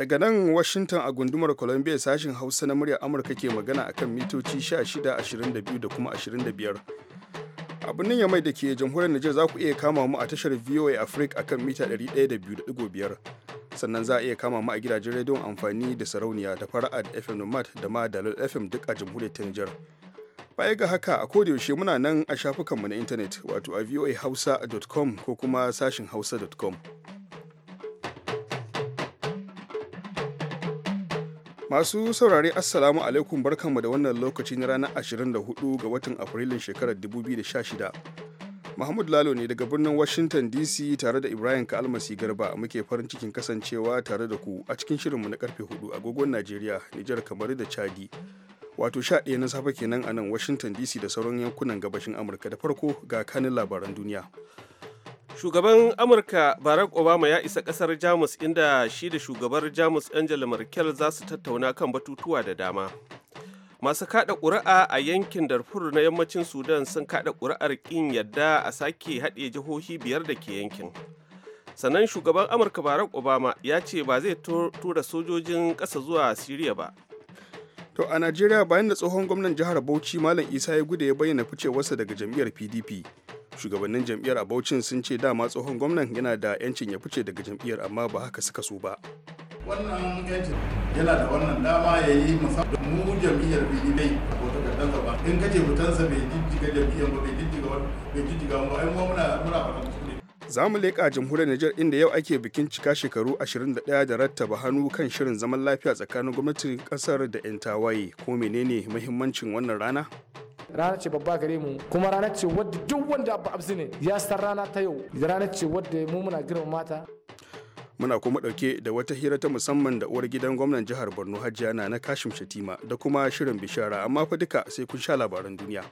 daga nan washington a gundumar columbia sashen hausa na muryar amurka ke magana a kan mitoci 16 22 da kuma 25 abin nan ya mai da ke jamhuriyar niger za ku iya kama mu a tashar VOA Africa akan mita 102.5 sannan za a iya kama mu a gidajen rediyon amfani da sarauniya da fara'ad FM Nomad da ma dalil FM duk a jamhuriyar ta Nijar. Baya ga haka a yaushe muna nan a shafukanmu na intanet wato a voahausa.com ko kuma sashen hausa.com. Masu saurare Assalamu alaikum barkanmu da wannan lokaci na ranar 24 ga watan Afrilun shekarar 2016. Mahmud Lalo ne daga birnin Washington DC tare da Ibrahim Kalmasi Garba muke farin cikin kasancewa tare da ku a cikin shirinmu na karfe 4 agogon Najeriya, Nijar kamar da Chadi. Wato sha ɗaya na safe kenan a nan Washington DC da sauran yankunan gabashin Amurka da farko ga kanin labaran duniya. Shugaban Amurka Barack Obama ya isa kasar Jamus inda shi da shugabar Jamus Angela Merkel za su tattauna kan batutuwa da dama. Masu kada ƙuri'a a yankin Darfur na yammacin Sudan sun kada ƙuri'ar ƙin yadda a sake haɗe jihohi biyar da ke yankin. Sannan shugaban Amurka Barack Obama ya ce ba zai tura sojojin ƙasa zuwa Siriya ba, To a Najeriya bayan da tsohon gwamnan jihar Bauchi Malam Isa ya gude ya bayyana ficewarsa daga jam'iyyar PDP. Shugabannin jam'iyyar a Bauchin sun ce dama tsohon gwamnan yana da 'yancin ya fice daga jam'iyyar amma ba haka suka so ba. Wannan yancin yana da wannan dama ya yi musamman mu jam'iyyar PDP ko takardar ba. In kace fitansa bai jijjiga jam'iyyar ba bai jijjiga wani bai jijjiga wani ai mu muna muna faɗa za mu leƙa jamhuriyar Nijar inda yau ake bikin cika shekaru 21 da rattaba hannu kan shirin zaman lafiya tsakanin gwamnatin ƙasar da 'yan tawaye ko menene muhimmancin wannan rana? rana ce babba gare mu kuma rana ce wadda duk wanda abu abu ne ya san rana ta yau rana ce wadda mu muna girma mata muna kuma dauke da wata hira ta musamman da uwar gidan gwamnan jihar borno hajiya na na kashim shatima da kuma shirin bishara amma fa duka sai kun sha labaran duniya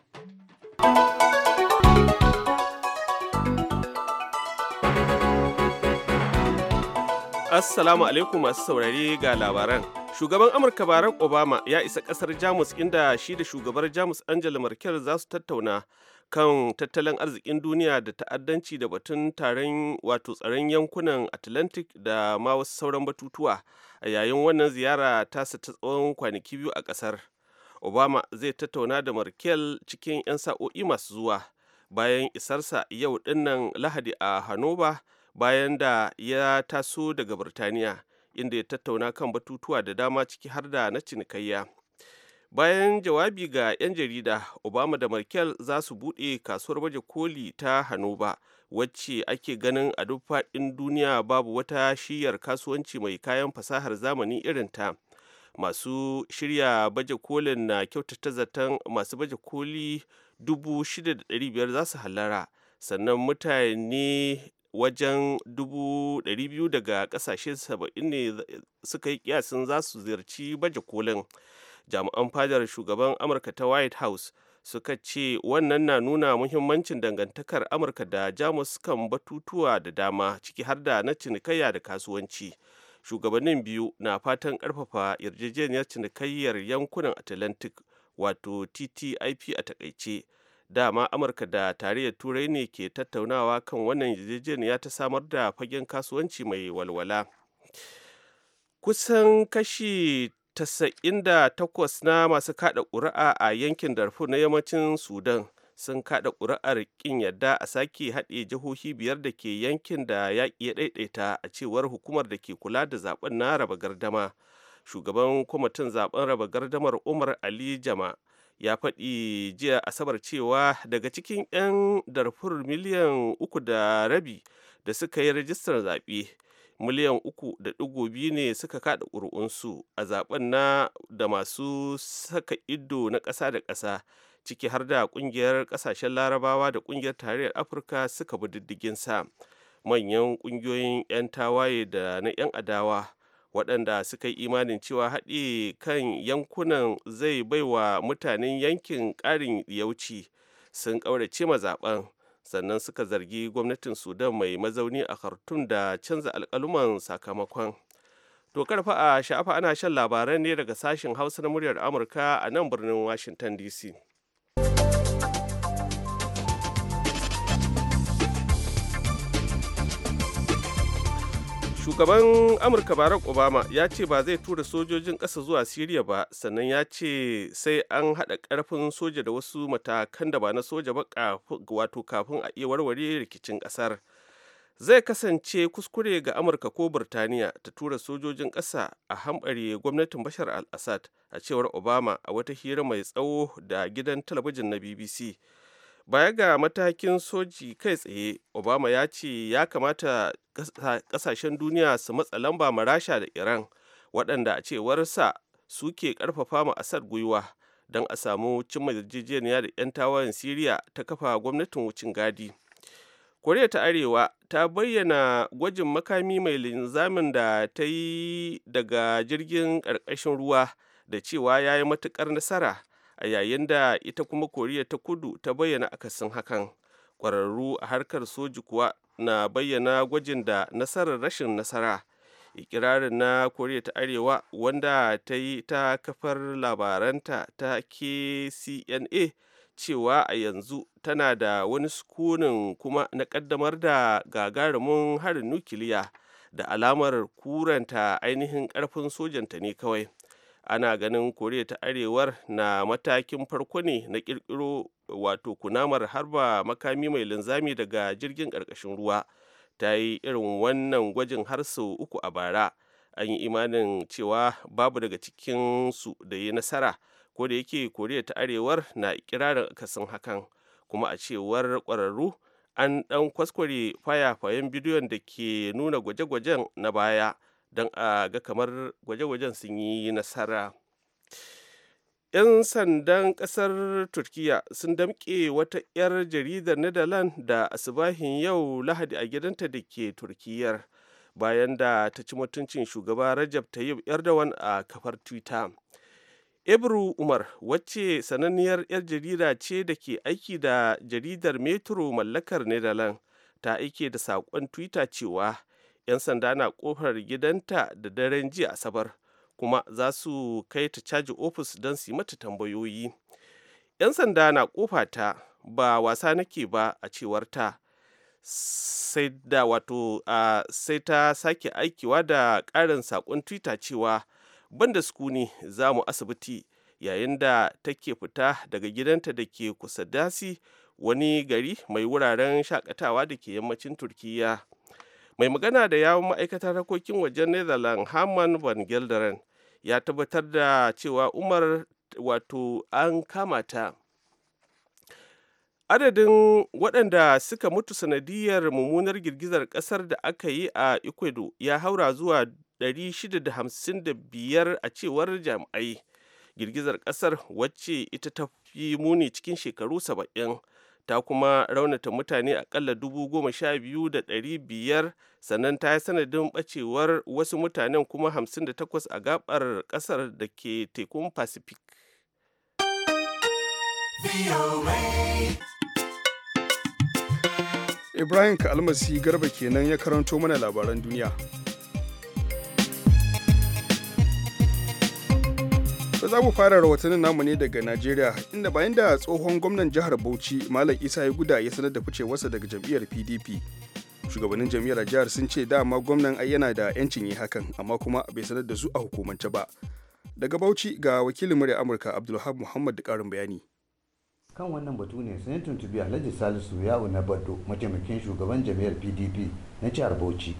Assalamu alaikum masu saurare ga labaran. Shugaban Amurka Barack Obama ya isa kasar Jamus inda shi da shugabar Jamus Angela Merkel za su tattauna kan tattalin arzikin duniya da ta'addanci da batun taron wato tsaron yankunan Atlantic da ma wasu sauran batutuwa a yayin wannan ziyara tasa ta tsawon kwanaki biyu a kasar. Obama zai tattauna da Merkel cikin 'yan sa'o'i masu zuwa bayan isarsa yau dinnan Lahadi a Hanover bayan da ya taso daga Birtaniya inda ya tattauna kan batutuwa da dama ciki har da na cinikayya. Bayan jawabi ga 'yan jarida, Obama da Merkel za su buɗe kasuwar baje koli ta Hanoba, wacce ake ganin a duk faɗin duniya babu wata shiyar kasuwanci mai kayan fasahar zamani irinta. Masu shirya baje kolin na kyautata zaton masu baje koli 6,500 za su hallara. sannan mutane wajen 200 daga kasashe 70 ne suka yi kiyasin za su ziyarci baje kolin jami'an fadar shugaban amurka ta white house suka ce wannan na nuna muhimmancin dangantakar amurka da jamus kan batutuwa da dama ciki har da na cinikayya da kasuwanci shugabannin biyu na fatan karfafa yarjejeniyar cinikayyar yankunan atlantic wato ttip a takaice dama amurka da tarayyar turai ne ke tattaunawa kan wannan yarjejeniya ta samar da fagen kasuwanci mai walwala kusan kashi 98 na masu kada ƙuri'a a yankin darfur na yammacin sudan sun kada ƙuri'ar ƙin yadda a sake haɗe jihohi biyar da ke yankin da ya ya ɗaiɗaita a cewar hukumar da ke kula da zaben na raba gardama shugaban kwamitin zaben raba gardamar umar ali jama ya faɗi jiya asabar cewa daga cikin 'yan darfur miliyan uku da rabi da suka yi rajistar zaɓe miliyan uku da ɗigo biyu ne suka kaɗa ƙuri'unsu a zaɓen na da masu saka ido na ƙasa da ƙasa ciki har da ƙungiyar ƙasashen larabawa da ƙungiyar tarayyar afirka suka bi diddigin sa manyan ƙungiyoyin 'yan tawaye da na 'yan adawa waɗanda suka yi imanin cewa haɗe kan yankunan zai baiwa mutanen yankin ƙarin yauci sun ƙaurace mazaɓen sannan suka zargi gwamnatin sudan mai mazauni a khartoum da canza alkaluman sakamakon to karfa a sha'afa ana shan labaran ne daga sashen hausa na muryar amurka a nan birnin washinton dc shugaban amurka barack obama ya ce ba zai tura sojojin ƙasa zuwa siriya ba sannan ya ce sai an haɗa karfin soja da wasu matakan da ba na soja ba wato kafin a iya warware rikicin ƙasar zai kasance kuskure ga amurka ko burtaniya ta tura sojojin ƙasa a hambare gwamnatin bashar al-assad a cewar obama a wata hira mai tsawo da gidan talabijin na bbc baya ga matakin soji kai tsaye obama ya ce ya kamata kasashen duniya su matsa lamba marasha rasha da iran waɗanda a cewarsa suke ƙarfafa ma asar gwiwa don a samu cin yarjejeniya da 'yan tawayen siriya ta kafa gwamnatin wucin gadi koriya ta arewa ta bayyana gwajin makami mai linzamin da ta yi daga jirgin ƙarƙashin ruwa da cewa ya yi matuƙar nasara a yayin da ita kuma koriya ta kudu ta bayyana akasin hakan kwararru a harkar soji kuwa na bayyana gwajin da nasarar rashin nasara ikirarin na koriya ta arewa wanda ta yi ta kafar labaranta ta kcna cewa a yanzu tana da wani sukunin kuma na kaddamar da gagarumin harin nukiliya da alamar kuranta ainihin karfin sojanta ne kawai ana ganin koriya ta arewar na matakin farko ne na kirkiro wato kunamar harba makami mai linzami daga jirgin ƙarƙashin ruwa ta yi irin wannan gwajin har sau uku a bara an yi imanin cewa babu daga cikin su da ya nasara ko da yake koriya ta arewar na ikirarin kasin hakan kuma a cewar ƙwararru an ɗan kwaskware fayafayen bidiyon da ke nuna gwaje-gwajen na baya don a ga kamar gwaje-gwajen sun yi nasara 'yan sandan ƙasar Turkiyya sun damƙe wata 'yar jaridar netherlands da asibahin yau lahadi a gidanta da ke turkiyar bayan da ta ci mutuncin shugaba rajab tayyip erdogan a kafar twitter ebru umar wacce sananniyar 'yar jarida ce da ke aiki da jaridar metro mallakar netherlands ta aike da saƙon twitter cewa 'yan sanda na kofar gidanta da daren jiya asabar kuma za su kai ta caji ofis don su yi mata tambayoyi 'yan sanda na kofa ta ba wasa nake ba a cewar ta sai da wato sai ta sake aikiwa da karin sakon twitter cewa banda sukuni za mu asibiti yayin da take fita daga gidanta da ke kusa dasi wani gari mai wuraren shakatawa da ke yammacin turkiyya mai magana da yawon ma'aikatar harkokin wajen netherlands haman van gelderen ya tabbatar da cewa umar wato an kama ta adadin waɗanda suka mutu sanadiyar mummunar girgizar ƙasar da aka yi a ecuador ya haura zuwa 655 a cewar jami'ai girgizar ƙasar wacce ita ta fi muni cikin shekaru 70 ta kuma raunata mutane akalla dubu goma sha biyu da ɗari biyar sannan ta yi sanadin ɓacewar wasu mutanen kuma hamsin da takwas a gabar ƙasar da ke tekun pacific ibrahim ka almasi garba kenan ya karanto mana labaran duniya To za mu fara rahotannin namu ne daga Najeriya inda bayan da tsohon gwamnan jihar Bauchi Malam Isa ya guda ya sanar da ficewarsa daga jam'iyyar PDP. Shugabannin jam'iyyar jihar sun ce dama gwamnan ai yana da 'yancin yi hakan amma kuma bai sanar da su a hukumance ba. Daga Bauchi ga wakilin murya Amurka Abdulhab Muhammad da karin bayani. kan wannan batu ne sun tuntubi alhaji salisu ya na bado mataimakin shugaban jam'iyyar pdp na jihar bauchi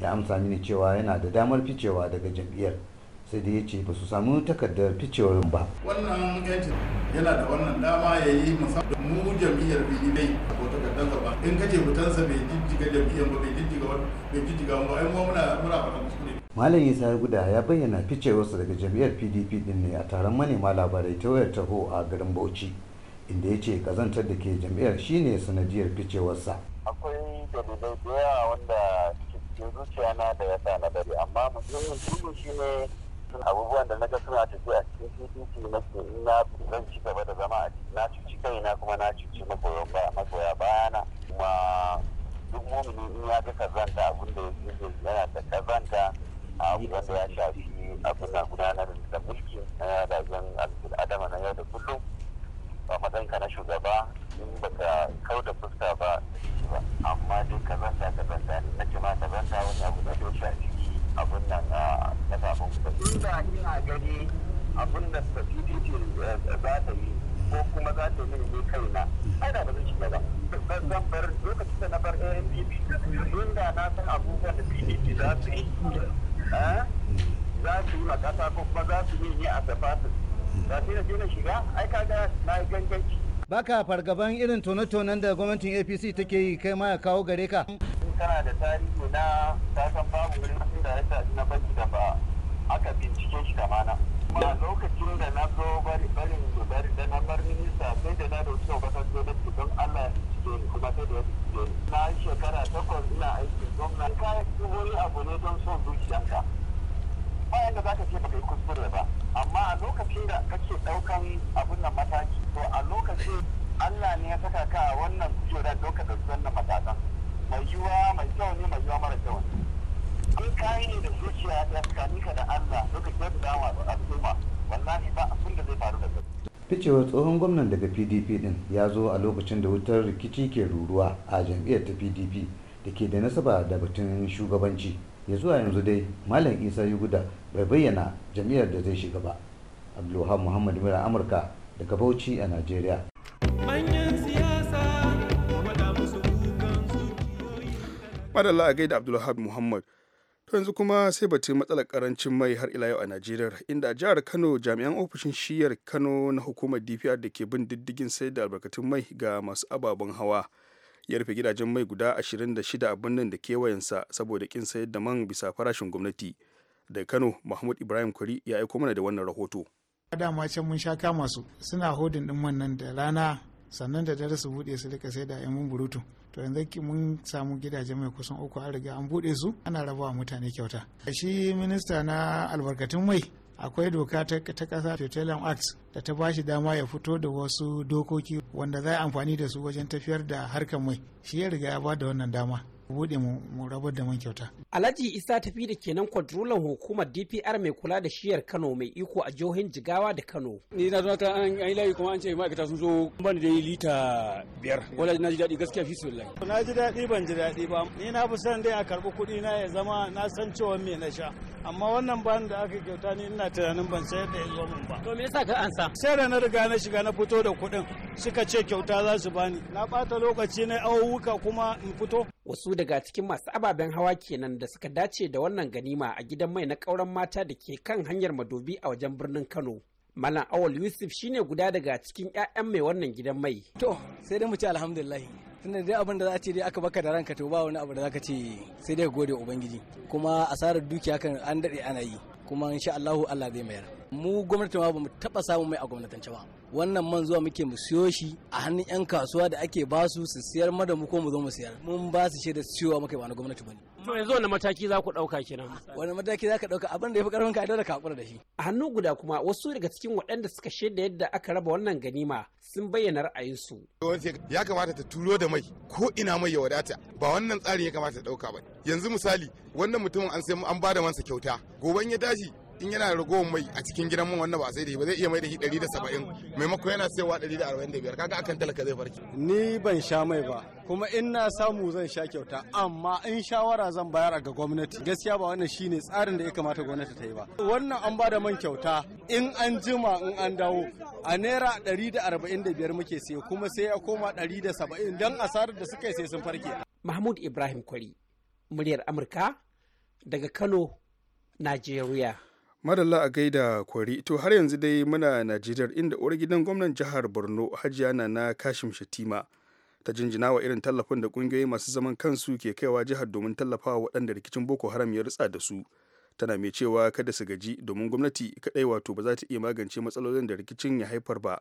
ya amsa mini cewa yana da damar ficewa daga jam'iyyar sai dai ya ce ba su samu takardar ficewarin ba wannan yanci yana da wannan dama ya yi musamman mu jam'iyyar bidai ko takardar ba in kace fitansa bai jijjiga jam'iyyar ba bai jijjiga ba bai jijjiga ba ai mu muna muna fata ne Malam Isa Guda ya bayyana ficewarsa daga jam'iyyar PDP din ne a taron manema labarai ta wayar taho a garin Bauchi inda ya ce kazantar da ke jam'iyyar shine sanadiyar ficewarsa. Akwai dalilai da yawa wanda ke zuciya na da ya sa na dare amma mutumin shi ne abubuwan da na ga suna tafi a cikin cdc na ke na zan ci gaba da zama a cikin na cuci kaina kuma na cuci magoya bayana kuma duk mumini in ya ga kazanta abin da yana da kazanta a wanda ya shafi abin na gudanar da mulki na zan alfil adama na yau da kullum ba matsayinka na shugaba in baka kau da fuska ba amma dai kazanta kazanta na jama'a kazanta wani abu da ya shafi abin nan a kasafin kuɗi. Inda ina gani abin da security eh, za ta yi ko kuma za ta yi ne kaina ai da ba zan shiga ba. Zan bar lokacin da na bar ANPP inda na san abubuwan da PDP za su yi. Eh, za su yi makasa ko kuma za su yi ne a safatin. Ba sai na je na shiga ai kaga na yi ganganci. Baka fargaban irin tone-tonen da gwamnatin APC take yi kai ma ya kawo gare ka. Kana da tarihi na kasan babu wurin da ya darakta na banki da ba aka bincike shi da mana kuma lokacin da na zo bari bari da bari da na bar minista sai da na dauki obasan gwamnati don allah ya bincike ni kuma sai da ya bincike ni na yi shekara takwas ina aiki don na gwamna kayan wani abu ne don son zuciyanka ba yadda za ka ce ba kai kuskure ba amma a lokacin da kake ɗaukan abun nan mataki to a lokacin allah ne ya saka ka a wannan kujerar don da dauki wannan matakan mai yiwa mai kyau ne mai yiwa mara kyau ne in kayi ne da zuciya da tsakaninka da Allah duka kyautata da al'umma wallahi ba abin da zai faru da kai ficewar tsohon gwamnan daga pdp din ya zo a lokacin da wutar rikici ke ruruwa a jam'iyyar ta pdp da ke da nasaba da batun shugabanci ya zuwa yanzu dai malam isa yuguda bai bayyana jam'iyyar da zai shiga ba abdulwahab muhammad mira amurka daga bauchi a najeriya madalla a gaida abdulwahab muhammad yanzu kuma sai batun matsalar karancin mai har ila yau a Najeriya inda a jihar Kano jami'an ofishin shiyar Kano na hukumar DPR da ke bin diddigin sai da albarkatun mai ga masu ababen hawa ya rufe gidajen mai guda 26 a birnin da kewayensa saboda kin sayar da man bisa farashin gwamnati. Da Kano Mahmud Ibrahim Kwari ya aiko mana da wannan rahoto. Dama can mun sha kama su suna hodin din wannan da rana sannan da dare su buɗe su rika sai da 'yan burutu. to yanzu ki mun samu gidaje mai kusan uku an riga an buɗe su ana rabawa mutane kyauta shi minista na albarkatun mai akwai doka ta kasa petroleum act da ta ba shi dama ya fito da wasu dokoki wanda za yi amfani da su wajen tafiyar da harkar mai shi ya riga ya ba da wannan dama bude mu rabar da man kyauta. Alhaji Isa tafi da kenan kwadrolan hukumar DPR mai kula da shiyar Kano mai iko a jihohin Jigawa da Kano. Ni na zuwa ta an yi layi kuma an ce ma'aikata sun zo ban da lita biyar. Wala na ji daɗi gaskiya fi sulallahi. Na ji daɗi ban ji daɗi ba. Ni na fi son dai a karɓi kuɗi na ya zama na san cewa me na sha. Amma wannan ban da aka kyauta ni ina tunanin ban sayar da yanzu mun min ba. To me yasa ka ansa? Sai da na riga na shiga na fito da kuɗin suka ce kyauta za su bani. Na ɓata lokaci na awuka kuma in fito. Wasu da daga cikin masu ababen hawa kenan da suka dace da wannan ganima a gidan mai na kauran mata da ke kan hanyar madobi a wajen birnin Kano. Malam Awal Yusuf shine guda daga cikin 'ya'yan mai wannan gidan mai. To, sai dai mu ce alhamdulillah. Tunda dai abin da za a ce dai aka baka da ranka to ba wani abu da za ka ce sai dai gode ubangiji. Kuma asarar dukiya kan an dade ana yi. Kuma insha Allahu Allah zai mayar. mu gwamnati ma bamu taba samun mai a gwamnatance ba wannan man zuwa muke mu siyo shi a hannun yan kasuwa da ake ba su su siyar mada mu ko mu zo mu siyar mun ba su shaidar siyowa muka ba na gwamnati bane to yanzu wani mataki za ku dauka kenan wani mataki za ka dauka abin da ya fi karfin ka da kakura da shi a hannu guda kuma wasu daga cikin waɗanda suka shaida yadda aka raba wannan ganima sun bayyana ra'ayinsu ya kamata ta turo da mai ko ina mai ya wadata ba wannan tsarin ya kamata ta dauka ba yanzu misali wannan mutumin an sai an bada mansa kyauta goban ya tashi in yana ragowar mai a cikin gidan mu wannan ba sai da ba zai iya mai da shi 170 maimakon yana saiwa 145 kaga akan talaka zai farki ni ban sha mai ba kuma in na samu zan sha kyauta amma in shawara zan bayar ga gwamnati gaskiya ba wannan shine tsarin da ya kamata gwamnati ta yi ba wannan an ba da man kyauta in an jima in an dawo a naira 145 muke sai kuma sai ya koma 170 dan asarar da suka yi sai sun farke mahmud ibrahim kwari muryar amurka daga kano najeriya Madalla a gaida kwari to har yanzu dai muna Najeriya inda uwar gidan gwamnan jihar Borno Hajiya na na Kashim Shatima ta jinjina wa irin tallafin da kungiyoyi masu zaman kansu ke kaiwa jihar domin tallafawa waɗanda rikicin Boko Haram ya rutsa da su. Tana mai cewa kada su gaji domin gwamnati kaɗai wato ba za ta iya magance matsalolin da rikicin ya haifar ba.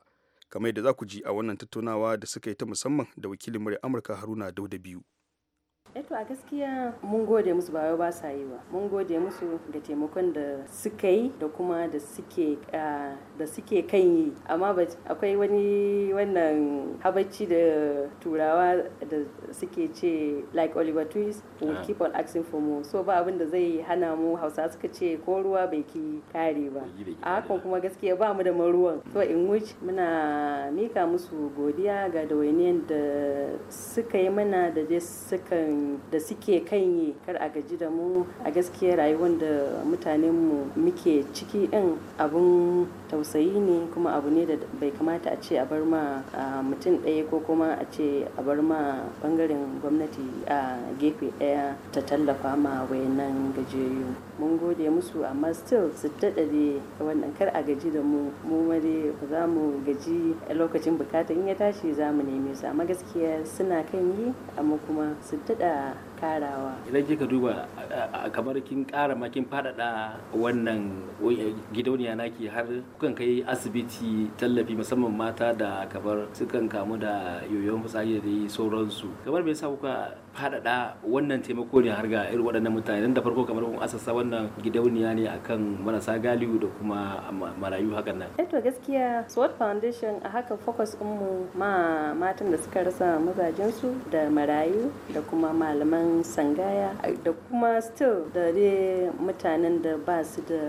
Kamar yadda za ku ji a wannan tattaunawa da suka yi ta musamman da wakilin murya Amurka Haruna Dauda biyu. eto eh a gaskiya mun gode musu ba ba sa yi ba mun gode musu da taimakon da suka yi da kuma da suke kan yi amma akwai wani wannan habacci da turawa da suke ce like Oliver Twist will ah. keep on asking for more so ba abinda zai hana mu Hausa suka ce ko ruwa bai ki kare ba a hakan kuma gaskiya ba mu da maruwan so in which muna mika musu godiya ga dawainiyan da suka yi mana da da suke kan yi kar a gaji da mu a gaskiya rayuwar da mutanenmu muke ciki in abun tausayi ne kuma abu ne da bai kamata a ce a bar ma mutum ɗaya ko kuma a ce a bar ma bangaren gwamnati a gefe ɗaya ta tallafa ma wayannan mun gode musu amma still su daɗaɗe wannan kar a gaji da mu mu ma ba za mu gaji lokacin lokacin in ya tashi za mu neme su amma gaskiya suna kan yi amma kuma su daɗa karawa idan kika duba kamar kin kara ma kin fadada wannan eh, gidauniya naki har kukan kai asibiti tallafi musamman mata da kamar sukan kamu da yoyon fitsari da sauransu kamar me yasa kuka faɗaɗa wannan taimako ne har ga irin waɗannan mutane da farko kamar kun asasa wannan gidauniya ne akan marasa galiyu da kuma marayu hakan nan. Eh to gaskiya Sword Foundation a haka focus mu ma matan da suka rasa mazajensu da marayu da kuma malaman sangaya da kuma still da dai mutanen da ba su da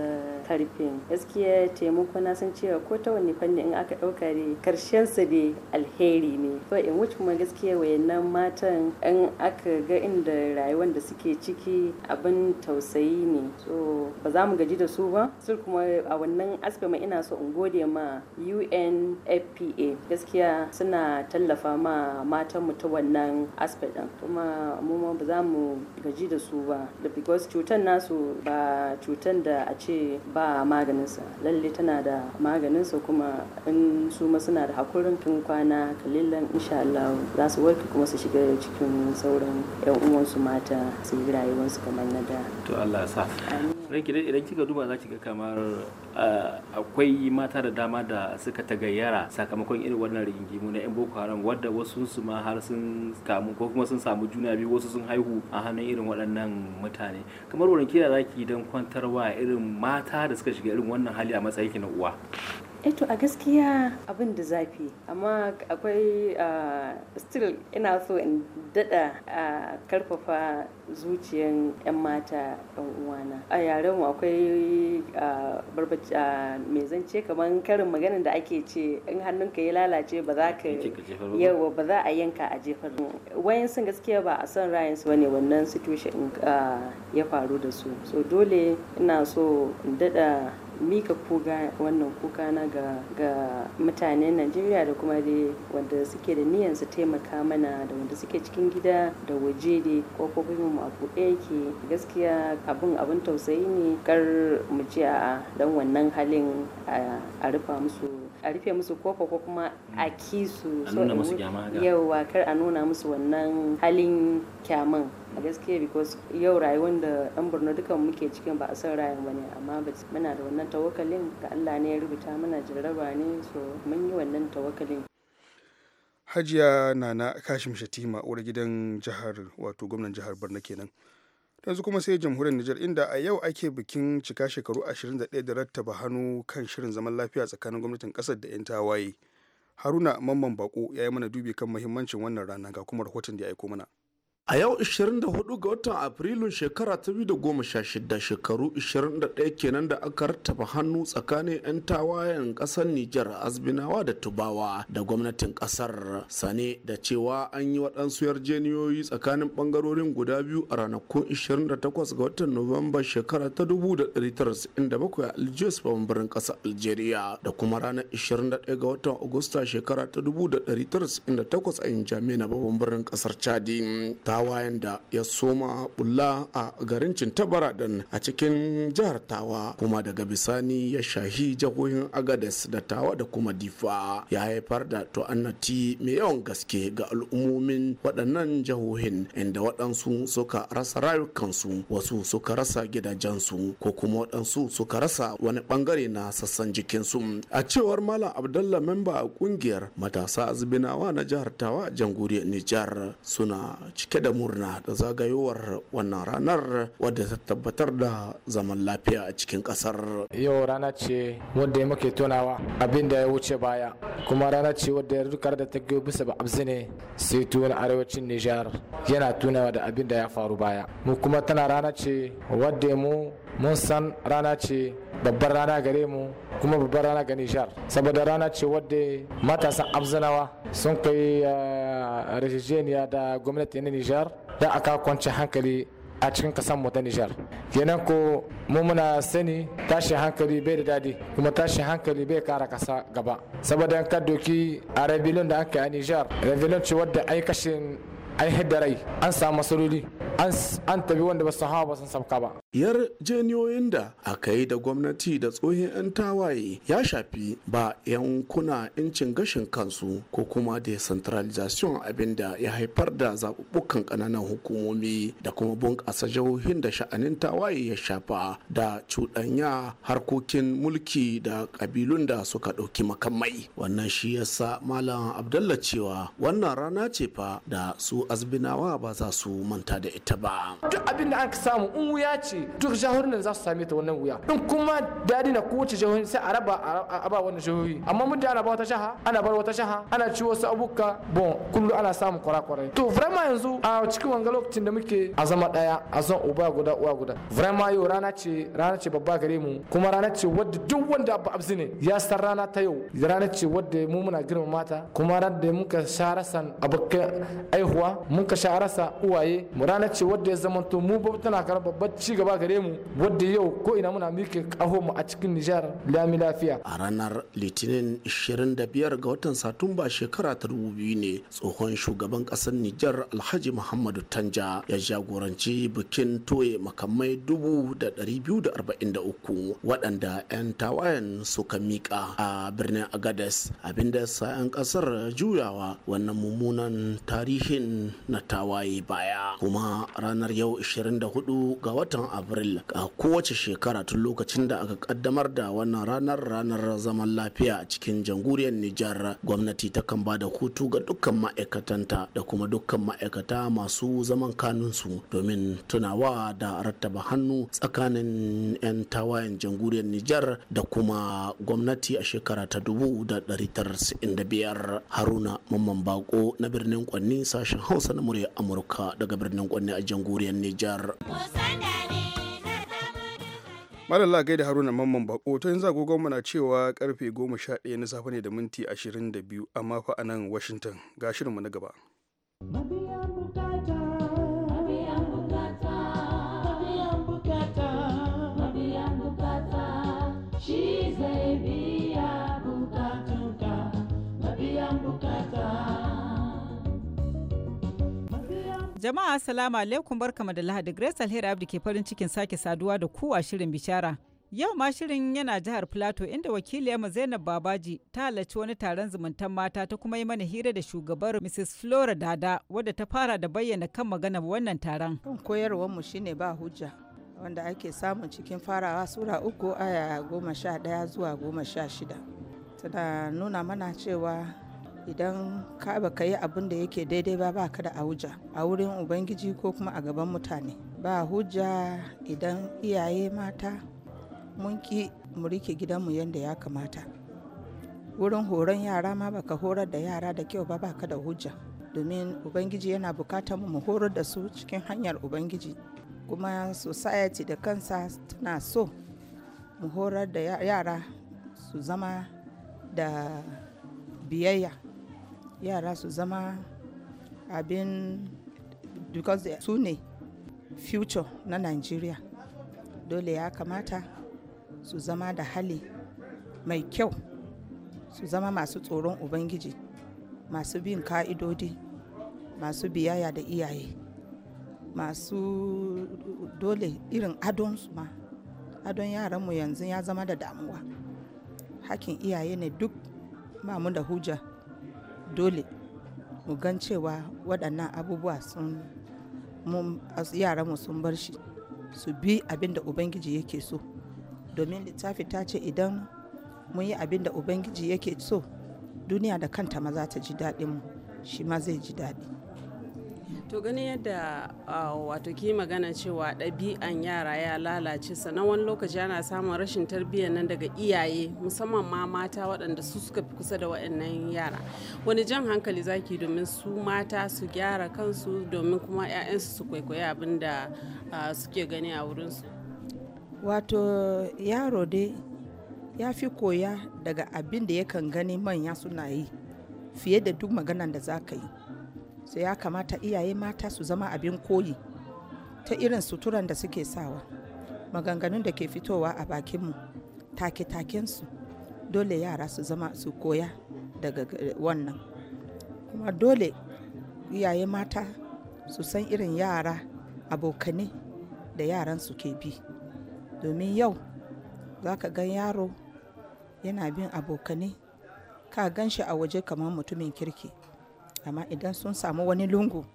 karfin gaskiya taimako na san cewa ko ta wani fanni in aka ɗauka ne karshen su dai alheri ne So in wuce kuma gaskiya wayannan matan in aka ga inda rayuwar da suke ciki abin tausayi ne so ba za mu gaji da su ba su kuma a wannan aspect ma ina so in gode ma UNFPA gaskiya suna tallafa ma matan mu ta wannan aspect din kuma mu ma ba za mu gaji da su ba da because cutar nasu ba cutar da a ce ba maganinsa lalle tana da maganinsa kuma in su ma suna da hakurin tun kwana kalilan insha Allah za su warke kuma su shiga cikin sauran yan uwansu mata su yi rayuwarsu kamar na da to Allah sa ranki idan kika duba za ki ga kamar ah, akwai mata da dama da suka tagayyara sakamakon irin wannan rigingimu na yan boko haram wadda wasu su ma har sun kamu ko kuma sun samu juna biyu wasu sun haihu a hannun irin waɗannan mutane kamar wurin kira za ki don kwantarwa irin mata da suka shiga irin wannan hali a matsayin na uwa eto eh a gaskiya abin da zafi amma akwai still ina so in dada a karfafa zuciyan 'yan mata 'yan uwana a yaren mu akwai barbaci mai zance kamar karin maganin da ake ce in hannunka ya lalace ba za ka yawa ba za a yanka a jefar wayan sun gaskiya ba a son rayan su bane wannan situation ya faru da su so dole ina so in dada mika kuga wannan kuka na ga, ga mutanen najeriya da kuma dai wanda suke da niyan su taimaka mana da wanda suke cikin gida da waje dai kofofin mu abu buɗe yake gaskiya abin abin tausayi ne kar mu ji a dan wannan halin a rufa musu a rufe musu kofa ko kuma a mm. kisu so yawa kar a nuna musu wannan halin kyaman a gaskiya because yau rayuwar da ɗan borno dukan muke cikin ba a san rayuwar ba ne amma muna da wannan tawakalin da allah ne ya rubuta mana jarraba ne so mun yi wannan tawakalin hajiya nana kashim shatima uwar gidan jihar wato gwamnan jihar borno kenan yanzu kuma sai jamhuriyar Nijar inda a yau ake bikin cika shekaru 21 da rattaba hannu kan shirin zaman lafiya tsakanin gwamnatin kasar da 'yan tawaye. Haruna Mamman Bako ya yi mana dubi kan muhimmancin wannan rana ga kuma rahoton da ya aiko mana. A yau 24 ga watan Afrilun shekara ta shida shekaru 21 kenan da aka rattaba hannu tsakanin 'yan tawayen ƙasar Nijar Azbinawa da Tubawa da gwamnatin ƙasar sane da cewa an yi waɗansu yarjeniyoyi tsakanin ɓangarorin guda biyu a ranakun 28 ga watan Nuwamba shekara ta 1997 a Algiers babban ƙasar Algeria da kuma ranar 21 ga watan Agusta shekara ta takwas a na babban birnin ƙasar Chadi. tawayen da ya soma bulla a garin dan a cikin jihar tawa kuma daga bisani ya shahi jihohin agades da tawa da kuma difa ya haifar da annati mai yawan gaske ga al'ummomin waɗannan jihohin inda waɗansu suka rasa rayukansu wasu suka rasa gidajensu ko kuma waɗansu suka rasa wani bangare na sassan jikinsu a cewar mala abdallah memba a ƙungiyar matasa azbinawa na jihar tawa jamhuriyar nijar suna cike da murna da zagayowar wannan ranar wadda ta tabbatar da zaman lafiya a cikin kasar yau rana ce wadda ya muke tunawa abin da ya wuce baya kuma rana ce wadda ya da ta gayo bisa ba ne sai tuwon arewacin nijar yana tunawa da abin da ya faru baya mu kuma tana rana ce wadda mu mun san rana ce babbar rana gare mu kuma babbar rana ga Nijar saboda rana ce wadda matasan abzinawa sun kai eh, rajijeniya da gwamnati na nijar Nijar da aka kwanci hankali a cikin kasan mu ta Nijar. Kenan ko mu muna sani tashi hankali bai da dadi kuma tashi hankali bai kara kasa gaba. Saboda an ka doki a rebilon da aka yi a Nijar, rebilon ce wadda ai kashin an hidda rai an samu masaruri an tabi wanda ba su hawa ba sun sabka ba. Yar jiniyoyin da aka yi da gwamnati da tsohon 'yan tawaye ya shafi ba yankuna incin gashin kansu ko kuma decentralization abin da ya haifar da zaɓuɓɓukan ƙananan hukumomi da kuma bunƙasa jihohin da sha'anin tawaye ya shafa da cuɗanya harkokin mulki da ƙabilun da suka ɗauki makamai. Wannan shi yasa Malam Abdullahi cewa wannan rana ce fa da su azbinawa ba za su manta da ita ba duk abin da aka samu in wuya ce duk jahohin za su same ta wannan wuya in kuma dadi na kowace jahohin sai a raba a ba wannan jahohi amma muddin ana ba wata shaha ana bar wata shaha ana ci wasu abubuwa bon kullu ana samun kwarakwarai to vrema yanzu a cikin wanga lokacin da muke a zama daya a zan uba guda uwa guda vrema yau rana ce rana ce babba gare mu kuma rana ce wadda duk wanda abu abzi ne ya san rana ta yau rana ce wadda mu muna girma mata kuma rana da muka sha rasan abokan aihuwa mun ka sha rasa uwaye mu rana ce wadda ya zama zamanto mu tana kar babbar ci gaba gare mu wadda yau ko ina muna mike kaho mu a cikin Nijar lami lafiya a ranar litinin 25 ga watan satumba shekara ta 2000 ne tsohon shugaban kasar Nijar Alhaji Muhammadu Tanja ya jagoranci bikin toye makamai 2,243 waɗanda 'yan tawayen suka miƙa a birnin Agades abinda yan ƙasar juyawa wannan mummunan tarihin na tawaye baya kuma ranar yau 24 ga watan abril a kowace shekara tun lokacin da aka kaddamar da wannan ranar ranar zaman lafiya a cikin jamhuriyar nijar gwamnati ta kan ba da hutu ga dukkan ma'aikatanta da kuma dukkan ma'aikata masu zaman kanunsu domin tunawa da rattaba hannu tsakanin 'yan tawayen jamhuriyar nijar da kuma gwamnati a shekara ta 1995 haruna mamman bako na birnin kwanni sashen hausa na murya amurka daga birnin kwanne a jamhuriyar nijar madalla gai da haruna mamman bako to yanzu agogon na cewa karfe 11 na safe ne da minti 22 amma fa a nan washington ga shirinmu na gaba Jama'a assalamu alaikum barkama da Lahadi Grace Alheri Abdi ke farin cikin sake saduwa da ku a shirin bishara. Yau ma shirin yana jihar Plateau inda wakiliyarmu Zainab Babaji ta halarci wani taron zumuntan mata ta kuma yi mana hira da shugabar Mrs. Flora Dada wadda ta fara da bayyana kan magana wannan taron. Kan mu shine ba hujja wanda ake samun cikin farawa sura uku aya goma sha ɗaya zuwa goma sha shida. Tana nuna mana cewa idan ka baka yi abin da yake daidai ba ba ka da auja a wurin ubangiji ko kuma a gaban mutane ba hujja idan iyaye mata mun ki mu rike gidanmu yadda ya kamata wurin horon yara ma baka horar da yara da kyau ba baka da hujja domin ubangiji yana bukatar mu horar da su cikin hanyar ubangiji kuma society da kansa tana so mu horar da yara su zama da biyayya yara su zama abin because su ne future na nigeria dole ya kamata su zama da hali mai kyau su zama masu tsoron ubangiji masu bin ka'idodi masu biyayya da iyaye masu dole irin adonsu ma adon yaranmu yanzu ya zama da damuwa hakin iyaye ne duk mamu da hujja dole mu gan cewa waɗannan abubuwa sun yaranmu sun bar shi su bi abin da ubangiji yake so domin littafi ta ce idan mun yi abin da ubangiji yake so duniya da kanta ma za ta ji daɗin mu shi ma zai ji daɗi to gani yadda wato ki magana cewa ɗabi'an yara ya lalace sannan wani lokaci ana samun rashin tarbiyyar nan daga iyaye musamman ma mata waɗanda su suka fi kusa da waɗannan yara wani jan hankali zaki domin su mata su gyara kansu domin kuma 'ya'yansu su kwaikwayi abin da suke gani a wurinsu wato yaro dai ya fi koya daga abin da yakan gani manya suna yi fiye da duk maganan da za ka yi so ya kamata iyaye mata su zama abin koyi ta irin suturan da suke sawa maganganun da ke fitowa a bakinmu take-takensu dole yara su zama su koya daga wannan kuma dole iyaye mata su san irin yara abokane da yaran su ke bi domin yau za ka gan yaro yana bin abokane ka gan shi a waje kamar mutumin kirki amma idan sun samu wani lungu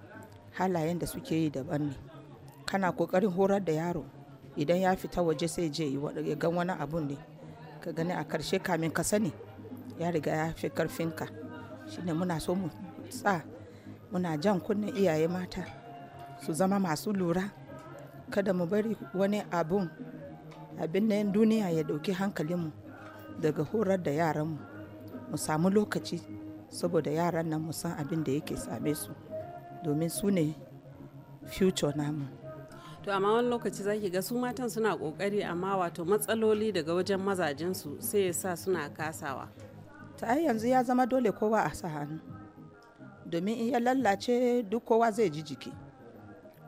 halayen da suke yi daban ne kana kokarin horar da yaro idan ya fita waje sai je ya gan wani abun ne ka gani a karshe kamin ka sani ya riga ya fi karfinka shine muna so mu sa muna jan kunnen iyaye mata su zama masu lura kada mu bari wani abun abin na duniya ya dauki hankalinmu daga horar da yaranmu mu samu lokaci saboda yaran nan mu san abin da yake same su domin su ne future namu to amma wani lokaci zaki ga su matan suna kokari amma wato matsaloli daga wajen mazajensu sai ya sa suna kasawa ta yanzu ya zama dole kowa a sa hannu domin in ya lallace duk kowa zai ji jiki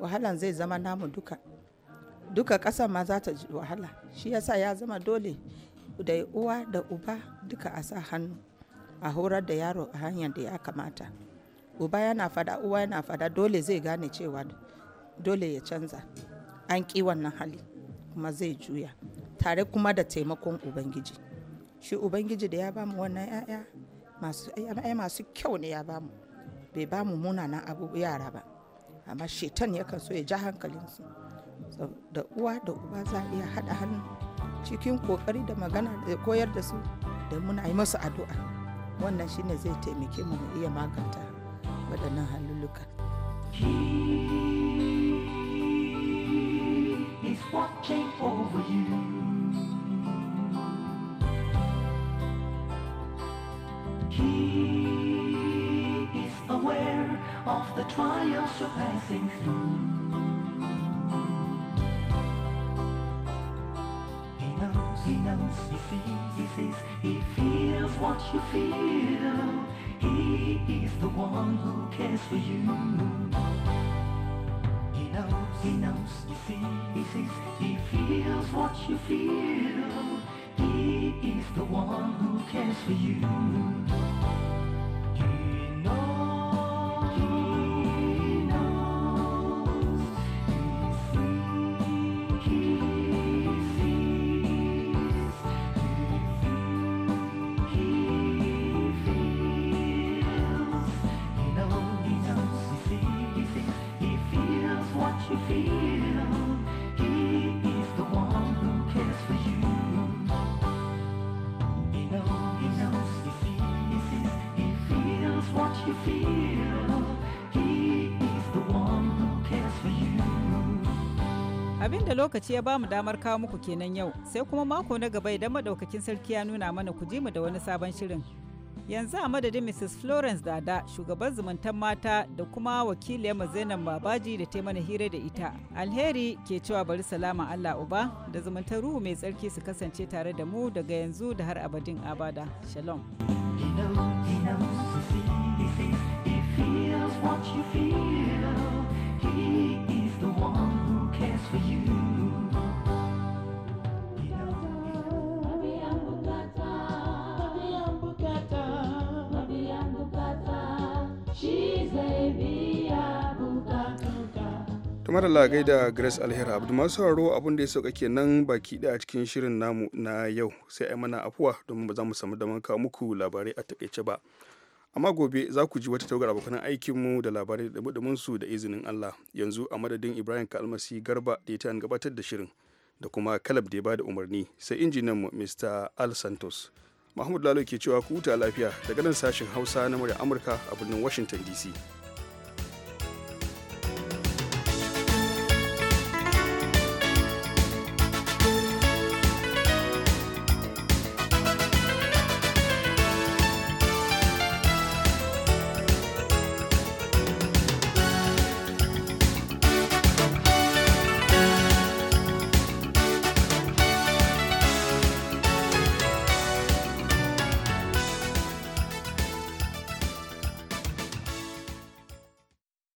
wahalan zai zama namu duka duka kasan ma za ta ji wahala shi yasa ya zama dole da uwa da uba duka a sa hannu a horar da yaro a hanyar da ya kamata uba yana fada uwa yana fada dole zai gane cewa dole ya canza an ƙi wannan hali kuma zai juya tare kuma da taimakon ubangiji shi ubangiji da ya bamu wannan 'ya'ya masu kyau ne ya bamu bai bamu munanan abu yara ba amma shetan kan so ya ja hankalinsu da uwa da uba za a iya haɗa hannu cikin kokari da magana da koyar da su da muna yi masu addu'a wannan shine zai taimake mu iya maganta waɗannan halulluka is watching over you. He is aware of the trials you're passing through. what you feel. He is the one who cares for you. He knows, he knows, he sees, he sees, he feels what you feel. He is the one who cares for you. Abin da lokaci ya bamu damar kawo muku kenan yau, sai kuma mako na gaba idan madaukakin sarki ya nuna mana ku ji mu da wani sabon shirin. Yanzu a madadin Mrs. Florence Dada, shugaban zumuntan mata da kuma wakiliyarmu Zainab Babaji da ta mana hira da ita. Alheri ke cewa bari salama Allah Uba da zumuntar ruhu mai tsarki su kasance tare da mu daga yanzu da har abadin abada. Shalom. He you feel. kamar Allah da Grace Alhera Abdu masu sauraro abin da ya sauka nan baki da a cikin shirin namu na yau sai a mana afuwa domin ba za mu samu damar kawo muku labarai a takaice ba. Amma gobe za ku ji wata tawagar abokan aikinmu da labarai da mudumin su da izinin Allah yanzu a madadin Ibrahim Kalmasi Garba da ya ta gabatar da shirin da kuma Kalab da ya bada umarni sai injinan mu Mr. Al Santos. Mahmud Lalo ke cewa ku huta lafiya daga nan sashen Hausa na murya Amurka a birnin Washington DC.